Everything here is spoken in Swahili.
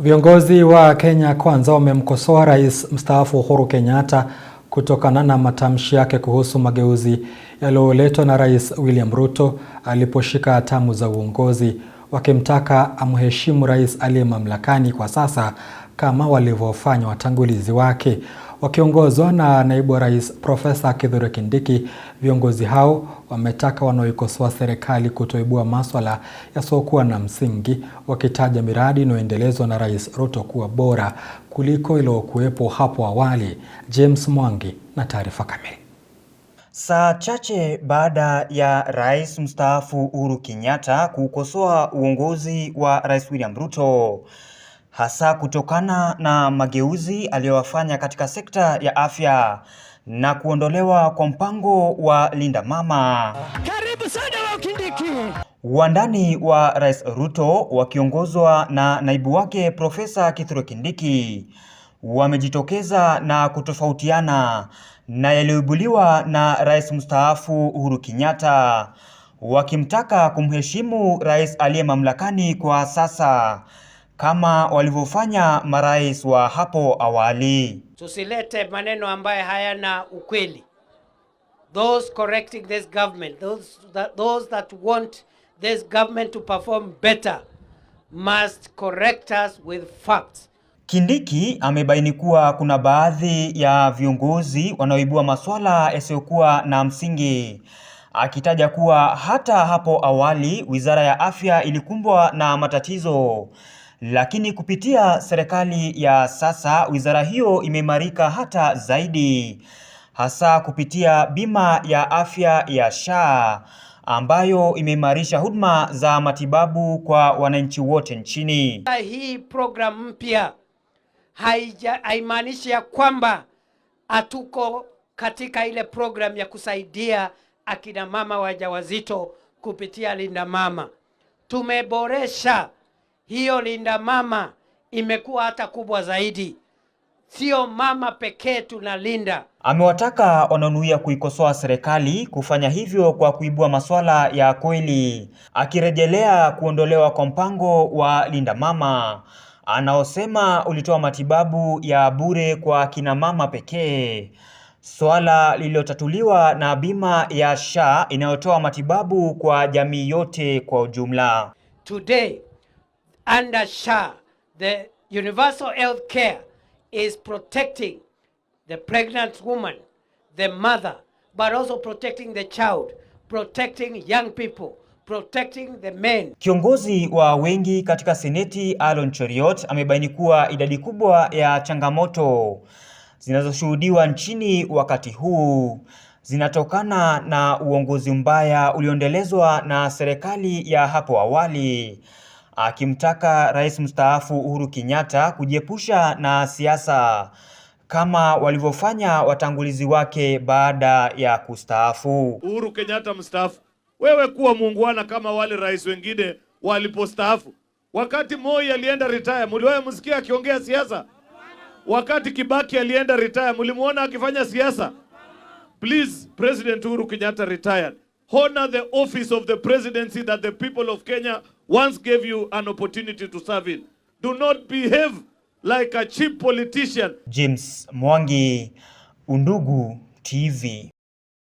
Viongozi wa Kenya Kwanza wamemkosoa Rais mstaafu Uhuru Kenyatta kutokana na matamshi yake kuhusu mageuzi yaliyoletwa na Rais William Ruto aliposhika hatamu za uongozi, wakimtaka amheshimu rais aliye mamlakani kwa sasa kama walivyofanya watangulizi wake. Wakiongozwa na naibu wa rais Profesa Kithure Kindiki, viongozi hao wametaka wanaoikosoa serikali kutoibua maswala yasiokuwa na msingi, wakitaja miradi inayoendelezwa na Rais Ruto kuwa bora kuliko iliyokuwepo hapo awali. James Mwangi na taarifa kamili. Saa chache baada ya rais mstaafu Uhuru Kenyatta kukosoa uongozi wa Rais William Ruto, hasa kutokana na mageuzi aliyowafanya katika sekta ya afya na kuondolewa kwa mpango wa Linda Mama. Karibu sana Kindiki. Wandani wa Rais Ruto wakiongozwa na naibu wake Profesa Kithure Kindiki wamejitokeza na kutofautiana na yaliyoibuliwa na Rais mstaafu Uhuru Kenyatta wakimtaka kumheshimu rais aliye mamlakani kwa sasa kama walivyofanya marais wa hapo awali. Tusilete maneno ambayo hayana ukweli. Those correcting this government, those that, those that want this government to perform better must correct us with facts. Kindiki amebaini kuwa kuna baadhi ya viongozi wanaoibua masuala yasiyokuwa na msingi, akitaja kuwa hata hapo awali Wizara ya Afya ilikumbwa na matatizo lakini kupitia serikali ya sasa, wizara hiyo imeimarika hata zaidi, hasa kupitia bima ya afya ya SHA ambayo imeimarisha huduma za matibabu kwa wananchi wote nchini. Hii program mpya haimaanishi ya kwamba hatuko katika ile program ya kusaidia akina mama wajawazito kupitia Linda Mama. Tumeboresha hiyo Linda Mama imekuwa hata kubwa zaidi. Sio mama pekee tunalinda. Amewataka wanaonuia kuikosoa serikali kufanya hivyo kwa kuibua masuala ya kweli, akirejelea kuondolewa kwa mpango wa Linda Mama anaosema ulitoa matibabu ya bure kwa kina mama pekee, swala lililotatuliwa na bima ya SHA inayotoa matibabu kwa jamii yote kwa ujumla. Today under SHA, the universal health care is protecting the pregnant woman, the mother, but also protecting the child, protecting young people, protecting the men. Kiongozi wa wengi katika Seneti Alon Cheriot amebaini kuwa idadi kubwa ya changamoto zinazoshuhudiwa nchini wakati huu zinatokana na uongozi mbaya ulioendelezwa na serikali ya hapo awali akimtaka rais mstaafu Uhuru Kenyatta kujiepusha na siasa kama walivyofanya watangulizi wake baada ya kustaafu. Uhuru Kenyatta mstaafu, wewe kuwa muungwana kama wale rais wengine walipostaafu. Wakati Moi alienda retire, mliwahi msikia akiongea siasa? Wakati Kibaki alienda retire, mlimuona akifanya siasa? Please, President Uhuru Kenyatta retired. Honor the office of the presidency that the people of Kenya once gave you an opportunity to serve in. Do not behave like a cheap politician. James Mwangi, Undugu TV.